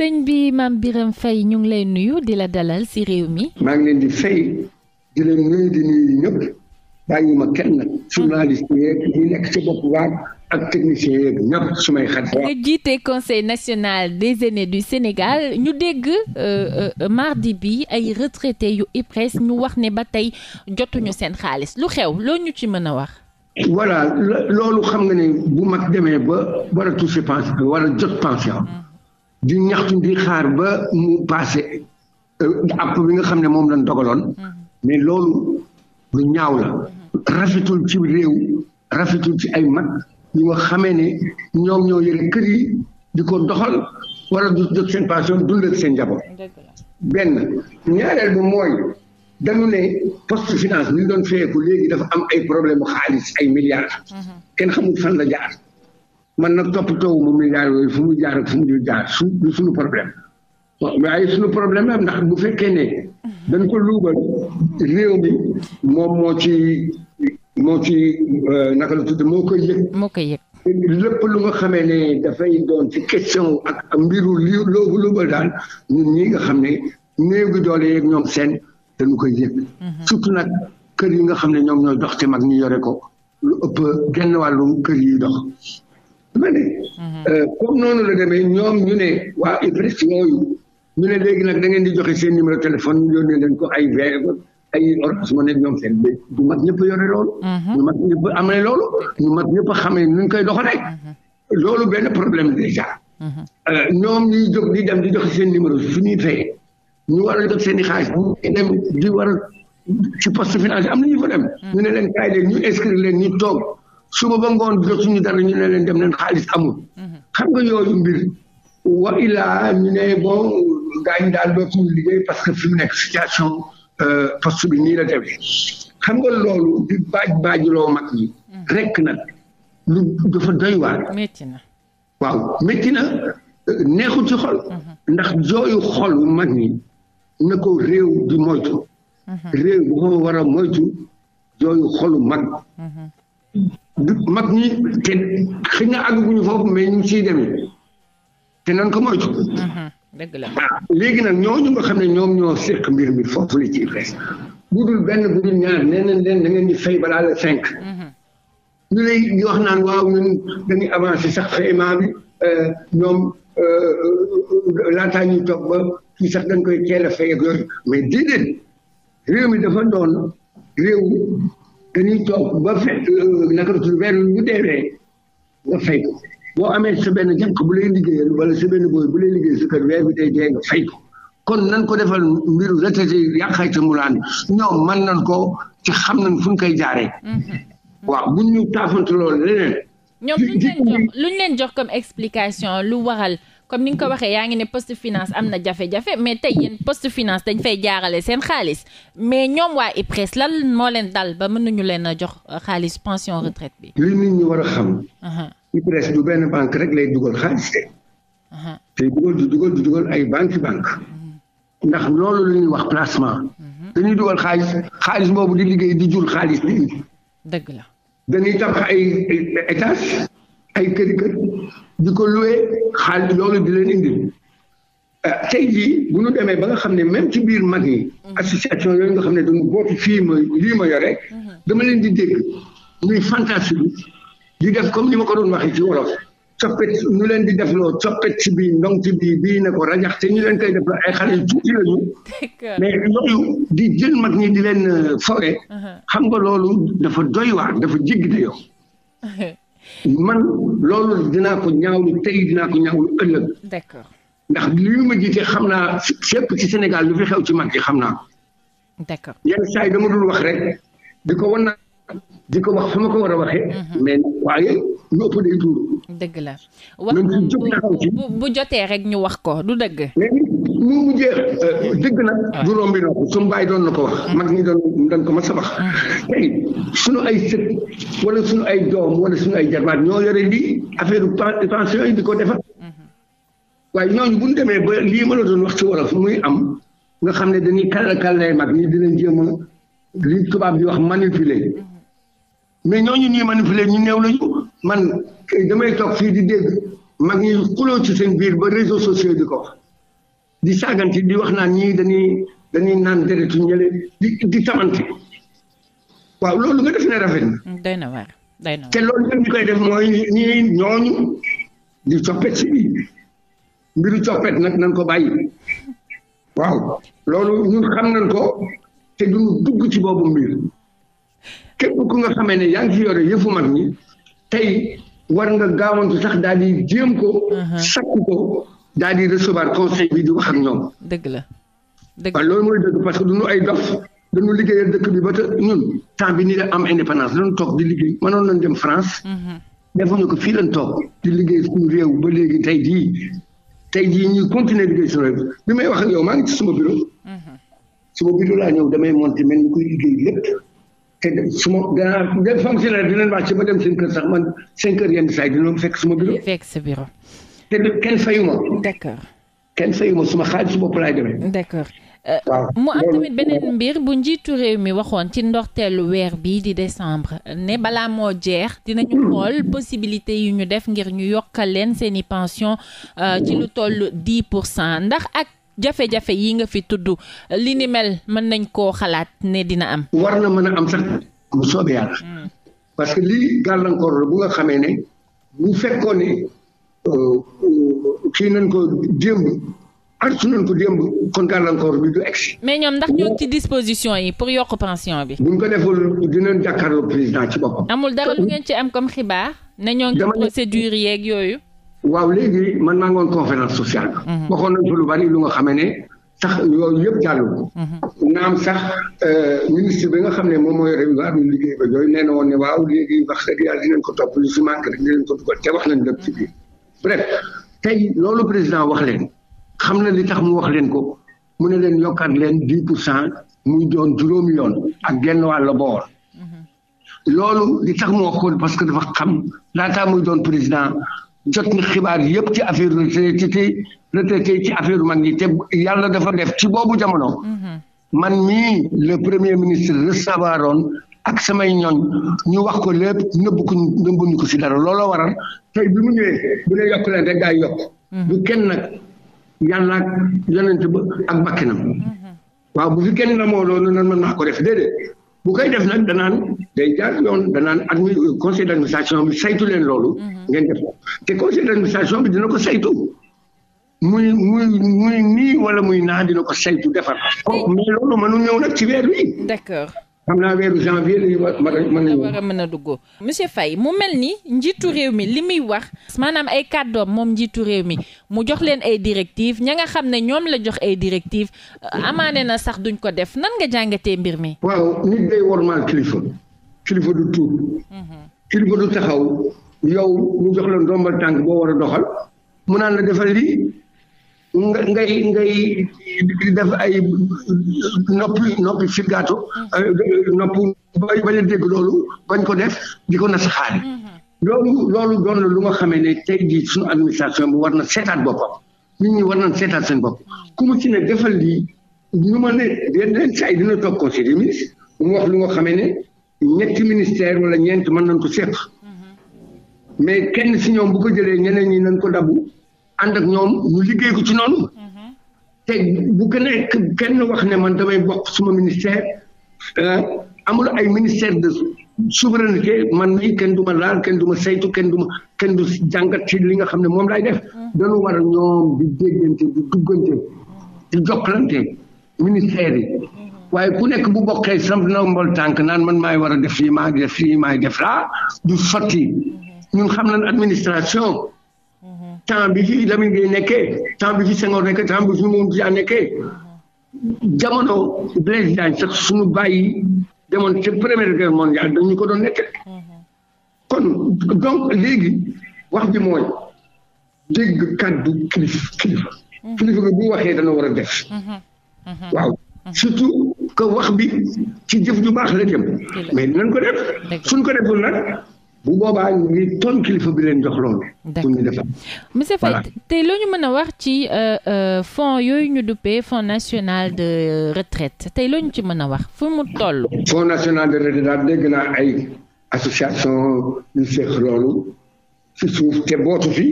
sëñ bi maam biram Faye ñu ngi lay nuyu di la dalal ci réew mi. maa ngi leen di fay di leen nuyu di nuyu ñëpp bàyyi ma kenn nag journaliste yeeg ak su may xat. nga jiite conseil national des aînés du Sénégal ñu dégg euh, euh, mardi bi ay retraités yu IPRES ñu wax ne ba tey jotuñu seen xaalis lu xew loo ñu ci mën a wax. voilà loolu xam nga ne bu mag demee ba war toucher pension. di ñaxtu di xaar ba mu passé euh, app bi nga xam ne moom lañ dogaloon mm-hmm. mais loolu lu ñaaw la mm-hmm. rafetul ci réew rafetul ci ay mag ñu nga xamee ne ñoom ñoo yore kër yi di ko doxal wala du jóg seen passion du ak seen njaboot benn ñaareel bi mooy dañu ne poste finance ñu doon feyeeku léegi dafa am ay problème xaalis ay milliards mm-hmm. kenn xamul fan la jaar man nag toppatoo mu milliard yooyu fu mu jaar ak fu mu jaar su du suñu problème waaye suñu problème am ndax bu fekkee ne dañ ko luubal moom moo ci moo ci euh, naka la tudd moo koy yëg moo koy yëg lépp nga xamee ne dafay doon ci question ak mbiru li loobu luubal daal ñun ñi nga xam ne néew gi ñoom seen dañu koy yëg mhm. surtout nag kër yi nga xam ne ñoom ñooy dox te mag ñu yore ko lu ëpp genn wàllu kër yi dox dama ne. Mhm. Euh, comme noonu la demee ñoom ñu ne waa IPRES yooyu ñu ne léegi nag da ngeen di joxe seen numéro téléphone ñu yónnee leen ko ay verre ay Orange Money ñoom seen béy ñu mat ñëpp yore loolu. ñu mhm. mat amee loolu. ñu mat ñëpp xamee nu ñu koy doxalee. Mhm. loolu benn problème déjà. Euh, ñoom ñuy jóg di dem di joxe seen numéro su ñuy fay ñu war seen i xaalis ñu dem di war a ci poste financier am na ñu fa dem. ñu ne leen kaay leen ñu inscrire leen ñu toog. suba ba ngoon jotuñu dara ñu ne leen dem leen xaalis amul. xam nga yooyu mbir. wa illah ñu ne bon gaañ daal dootuñu liggéey parce que fi nekk situation euh, poste bi nii la demee xam nga loolu di baaj baajuloo mag ñi. rek nag lu dafa doy waar. métti na waaw neexul ci xol. ndax jooyu xol mag ñi na ko réew di moytu. Mhm. réew dafa war a moytu jooyu xolu mag. Mhm. mag ñi te xëy na àgguñu foofu mais ñu ngi demee te nan ko moytu. Mm-hmm. dëgg la ah, léegi nag ñooñu nga xam ne ñoom ñoo séq mbir mi foofu li ciy fees bu dul benn bu dul ñaar nee nañ leen da ngeen di fay balaa cinq. Mm-hmm. wax naan waaw ñun dañuy avancé sax paiement bi euh, ñoom euh, laataa ñi toog ba sax dañ koy teel a fay yooyu mais déedéet réew mi dafa doon réew. dañuy toog ba fekk euh, naka la tudd benn bu deewee nga fay ko boo amee sa benn jànq bu lay liggéeyal wala sa benn booy bu lay liggéeyal sa kër weer bi day dee nga fay ko kon nan ko defal mbiru retraité yàqay ta mulaan ñoom man nañ ko ci xam nañ fu ñu koy jaaree. Mm-hmm. waaw bu ñu taafante loolu leneen. ñoom luñ leen jox comme explication lu waral. comme ni nga ko waxee yaa ngi ne poste finance am na jafe-jafe mais tey yéen poste finance dañ fay jaarale seen xaalis mais ñoom waa IPRES lan moo leen dal ba mënuñu leen a jox xaalis pension retraite bi. li nit ñi war a xam. IPRES du benn banque rek lay dugal xaalis de. te dugal du dugal du dugal ay banque banque ndax loolu la ñuy wax placement. Mhm. dañuy dugal xaalis xaalis boobu di liggéey di jur xaalis nit dëgg la. dañuy tabax ay étage ay kër kër di ko xaal xaalis loolu di leen indil euh, tey jii bu ñu demee ba nga xam ne même ci biir mag yi. Mhm. association yooyu nga xam ne dañu bootu fii ma lii ma yore. Mhm. dama leen di dégg ñuy fantastique di def comme ni ma ko doon waxee ci wolof. coppet ñu leen di defloo coppet ci bii ndong ci bii bii ne a rajax te ñu leen koy defloo ay xale yu tuuti la ñu mais yooyu di jël mag ñi di leen euh, fowe mhm. xam nga loolu dafa doy waar dafa jéggi dayoo man loolu dinaa ko ñaawlu tey dinaa ko ñaawlu ëllëg. d'accord ndax li ma jiite xam naa fépp ci senegal lu fi xew ci mag yi xam naa ko. d'accord yenn dama dul wax rek di ko wan di ko wax fi ma ko war a waxee. Mhm. mais waaye ñu ëpp day tuuru. dëgg la wax bu bu jotee rek ñu wax ko du dëgg. mu mu euh, dëgg nag ah. du noo ko su doon na ko wax mhm. mag ñi doon dañ ko ma sa wax mhm. tey suñu ay wala suñu ay doom wala suñu ay jarbaat ñoo yore lii affaire pension yi di ko defar waaye ñooñu bu ñu demee ba lii ma la doon wax ci wolof muy am nga xam ne dañuy kàlla kàlla mag ñi dinañ jéem a li tubaab di wax manipuler mais ñooñu ñuy manipuler ñu néew lañu man damay toog fii di dégg mag ñi xuloo ci seen biir ba réseaux sociaux di ko di saganti di wax naan ñii dañuy dañuy naan deretu ñële di di tamante waaw loolu nga def ne rafet na. na waar day na te loolu yëpp koy def mooy ñii ñooñu di coppet si mbiru coppet nag nañ ko bàyyi waaw loolu ñun xam nañ ko te duñu dugg ci boobu mbir. képp ku nga xamee ne yaa ngi fi yore yëfu mag ñi tey war nga gaawantu sax daal di jéem ko. Uh-huh. sakku ko daal di recevoir conseil bi di wax ak ñoom. dëgg la dëgg loolu parce que du ay dof. dañu liggéeyal dëkk bi ba te ñun temps bi ni la am indépendance dañu toog di liggéey mënoon nañ dem France. Uh-huh. defuñu ko fii lañ toog di liggéey suñu réew ba léegi tey jii tey jii ñu continuer liggéey suñu réew bi may wax ak yow maa ngi ci suma bureau. Uh-huh. suma bureau laa ñëw damay monter mel ni kuy liggéey lépp. te su ma gannaaw des fonctionnaires dinañ wàcc ba dem seen kër sax man seen kër yenn saa yi dinañ fekk suma bureau. fekk te du kenn fayuma. d'accord. kenn fayuma suma xaalis bopp laay demee. d'accord. Euh, mu am tamit beneen mbir bu njiitu réew mi waxoon ci ndorteelu weer bii di décembre ne balaa moo jeex dinañu hmm. xool possibilité yu ñu def ngir ñu yokkal leen seen i pension euh, ci lu toll ndax ak jafe-jafe yi nga fi tudd li ni mën nañ koo xalaat ne dina am. war na mën a am sax bu soobee yàlla. Hmm. parce que lii gàllankoor la bu nga xamee ne bu fekkoon ne euh, kii nañ ko démb artu nañ ko démb kon gàllankoor bi du egsi. mais ñoom ndax ñoo ci disposition yi pour yokk pension bi. buñ ko deful dinañ jàkkaarloo président ci boppam. amul dara lu ngeen ci am comme xibaar. ne ñoo ngi procédure yeeg yooyu. waaw léegi man maa ngi woon conférence sociale. Mhm. waxoon nañu fa lu bari lu nga xamee ne sax yooyu yëpp jàllu ko. Mhm. naam sax euh, ministre bi nga xam ne moom mooy réew mi am liggéey ba yooyu nee na woon ne waaw léegi wax dëgg yàlla dinañ ko topp lu si manqué rek dinañ ko dugal te wax nañ lépp ci biir. bref tey loolu président wax leen xam na li tax mu wax leen ko mu ne leen yokkaat leen dix pour cent muy doon juróomi yoon ak genn wàll boor. Mhm. loolu li tax mu wax ko parce que dafa xam laataa muy doon président. jot na xibaar yëpp ci affaire retraité retraité ci affaire mag ñi te yàlla dafa def ci boobu jamono. Mm-hmm. man mii le premier ministre recevoir oon ak samay ñooñ ñu wax ko lépp nëbbu ko nëbbuñu ko si dara looloo waral tey bi mu ñëwee bu dee yokk leen rek daay yokk. Mm-hmm. bu kenn nag yàlla yonent ba ak bakkanam. Mm-hmm. waaw bu fi kenn la moo nan mën naa ko def déedéet. bu koy def nag danaan day jaar yoon danaan conseil d' administration bi saytu leen loolu. Mhm. ngeen def te conseil d' administration bi dina ko saytu. muy muy muy nii wala muy naa dina ko saytu defar ko mais loolu mënu ñëw nag ci weer wi. d'accord. xam naa weeru janvier li war a mën a dugg monsieur Faye mu mel ni njiitu réew mi li muy wax maanaam ay kàddoom moom njiitu réew mi mu jox leen ay directive ña nga xam ne ñoom la jox ay directive amaane na sax duñ ko def nan nga jàngatee mbir mi waaw nit day wormaal kilifa kilifa du tuut mhm. kilifa du taxaw yow ñu jox la ndombal tànk boo war a doxal mu naan la defal lii nga ngay ngay def ay noppi noppi firgaatu noppu ba a dégg loolu bañ ko def di na nasaxaari mm-hmm. loolu loolu doon lu nga xamee ne tey jii suñu administration bi war na seetaat boppam nit ñi war na seetaat seen bopp ku mu ci ne defal lii ñu ma ne yeneen saa yi dina toog conseil des ministres wax lu nga xamee ne ñetti ministère wala ñeent mën nañ ko seq mm-hmm. kenn si ñoom bu ko jëlee ñeneen ñi nañ ko dabu ànd ak ñoom ñu liggéey ko ci noonu. Mhm. te bu ko kenn wax ne man damay bokk suma ministère euh, amul ay ministère de souveraineté man mii kenn du ma laal kenn du ma saytu kenn du ma kenn du jàngat ci li nga xam ne moom laay def. Mhm. dañu war a ñoom di déggante di duggante di jokkalante ministère mhm. waaye ku nekk bu bokkee samp na mbol tànk naan man maay war a def fii maay def fii maay def laa du sotti ñun xam nañ administration. temps bi fi Lamine Gueye nekkee temps bi fi Senghor nekkee temps ji fi Mamadou Dia nekkee jamono Blaise Diagne sax suñu bàyyi demoon ci première guerre mondiale dañu ko doon nekkee kon donc léegi wax bi mooy dégg kàddu kilif kilifa kilifa gi bu waxee dana war a def waaw surtout que wax bi ci jëf ju baax la jëm mais dinañ ko def suñ ko deful nag bu boobaa ñuy tooñ kilifa bi leen jox loolu. pour ñu defar tey loo mën a wax ci euh, euh, fonds yooyu ñu duppee fonds national de retraite tey loo ci mën a wax fu mu toll. fonds national de retraite daal dégg naa ay association yu seq loolu si suuf te bootu fi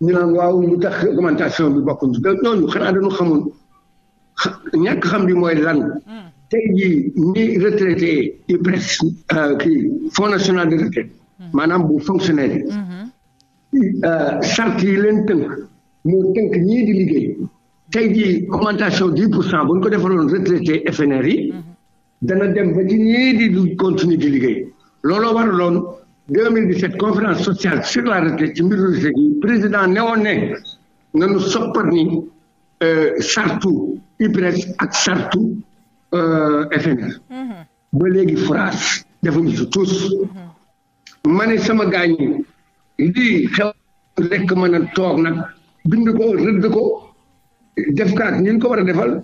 ñu naan waaw tax augmentation bi bokkuñu da ñooñu xanaa dañu xamoon ñàkk xam bi mooy lan. Hmm. tey jii ñi retraité yi presque euh, kii fonds national de retraite. Mm-hmm. maanaam bu fonctionnaire yi mm-hmm. euh, charte yi leen tënk moo tënk ñii di liggéey tey jii augmentation dix pour cent bu ñu ko defaloon retraité FNR yi mm-hmm. dana dem ba ci ñii di du continuer di liggéey looloo waraloon 2017 conférence sociale sur la retraite ci mbiru retraite président newoon ne nanu soppar ni euh, charte IPRES ak charte euh, FNR ba léegi France defuñu su tous ma ne sama gaañ yi lii xew rekk mën a toog nag bind ko rëdd ko def kaat ñun ko war a defal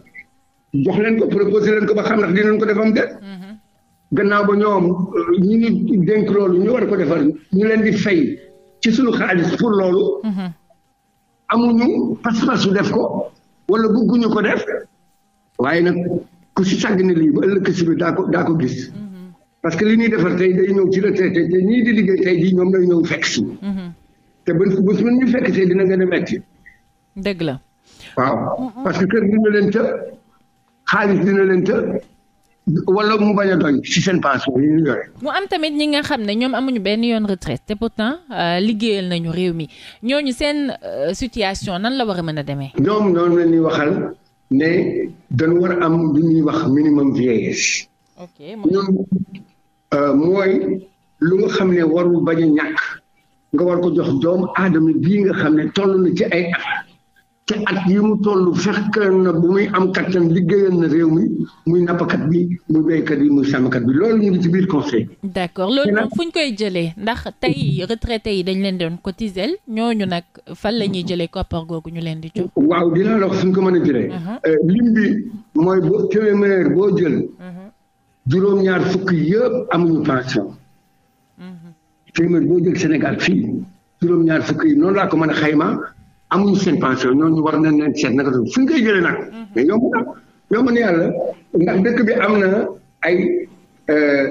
jox leen ko proposé leen ko ba xam ndax leen ko defam de mhm. gannaaw ba ñoom ñu ngi dénk loolu ñu war ko defal ñu leen di fay ci suñu xaalis pour loolu mhm. amuñu pas-pasu def ko wala bëgguñu ko def waaye nag ku si sàgg ne lii ba ëllëg si daa ko daa ko gis mhm. parce que li ñuy defar tey day ñëw ci retraité te ñii di liggéey tey jii ñoom day ñëw fekk si. Mm-hmm. te bés bés bu ñu fekk see dina gën a metti. dëgg la. waaw mm-hmm. parce que kër dina leen të xaalis dina leen të wala mu bañ a doñ ci seen pension yi ñu yore. mu am tamit ñi nga xam ne ñoom amuñu benn yoon retraite te pourtant euh, liggéeyal nañu réew mi ñoo ñu seen euh, situation nan la war a mën a demee. ñoom noonu la ñuy waxal ne dañu war a am lu ñuy wax minimum vieillesse. Euh, mooy lu mu xam ne warul bañ a ñàkk nga war ko jox doom aadama bii nga xam ne toll na ci ay at te at yi mu toll fekk na bu muy am kattan liggéeyal na réew mi muy nappakat bi muy béykat yi muy sàmmkat bi loolu ñu ngi ci biir conseil. d'accord loolu moom fu ñu koy jëlee ndax tey retraité yi dañ leen doon cotiser ñooñu nag fan la ñuy jëlee koppar ñu leen di jox. waaw dinaa la wax fu ñu ko mën a jëlee. Uh-huh. Euh, lim bi mooy boo boo jël. Uh-huh. juróom-ñaar fukk yëpp amuñu pension mhm. téeméer boo jël Sénégal fii juróom-ñaar fukk yi noonu laa ko mën a xayma amuñu seen pension ñooñu war na leen seet naka suñ koy jëlee nag mhm. mais yomb na yomb na yàlla dëkk bi am na ay euh,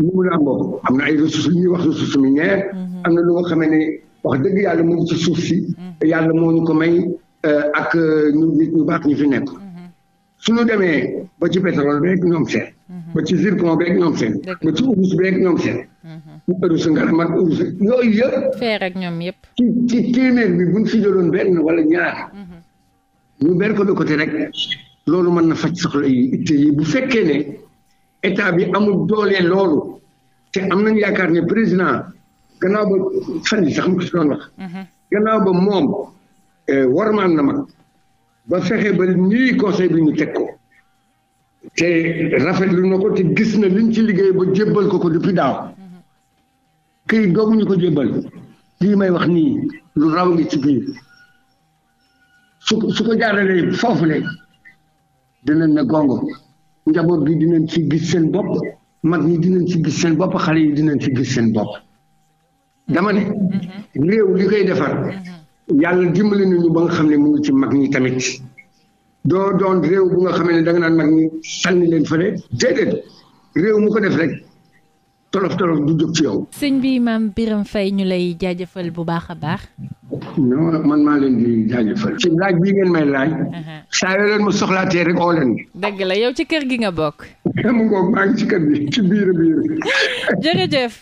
lu mun a am am na ay ressources lu ñuy wax ressources mhm. na lu nga xamee ne wax dëgg yàlla mu ngi ci suuf si yàlla moo ñu ko may euh, ak euh, ñu nit ñu baax ñu fi nekk su ñu demee ba ci pétrole beeg ñoom seen. Mhm. ba ci zircon beeg ñoom seen. ba ci urus beeg ñoom seen. mu mhm. urus ngalamat urus yooyu yëpp. feer ak ñoom yëpp. ci ci téeméer bi buñ si jëloon benn wala ñaar. Mhm. ñu ber ko de rek loolu mën na faj soxla yi bu fekkee ne état bi amul doole loolu te am nañu yaakaar ne président gannaaw ba fan sax mu ko si doon wax. gannaaw ba moom eh, warmaan na mag. ba fexe ba nii conseil bi ñu teg ko te rafetlu na ko te gis na liñ ci liggéey ba jébbal ko ko depuis daaw këyit googu ñu ko jébbal lii may wax nii lu raw ngi ci biir su su foofu le dinañ gongo njaboot gi dinañ ci gis seen bopp mag ñi dinañ ci gis seen bopp xale yi dinañ ci gis seen bopp dama ne mm-hmm. réew li koy defar mm-hmm. yàlla dimbali nañu ba nga xam ne mu ngi ci mag ñi tamit doo doon réew bu nga xam ne da nga naan mag ñi sànni leen fële déedéet réew mu ko def rek tolof tolof du jóg ci yow. sëñ bi maam Birame Faye ñu lay jaajëfal bu baax a baax. non man maa leen di jaajëfal. ci laaj bii ngeen may laaj. Uh-huh. saa yoo leen ma soxlaatee rek oo leen. dëgg la yow ci kër gi nga bokk. mu ngoog maa ngi ci kër gi ci biir biir. jërëjëf.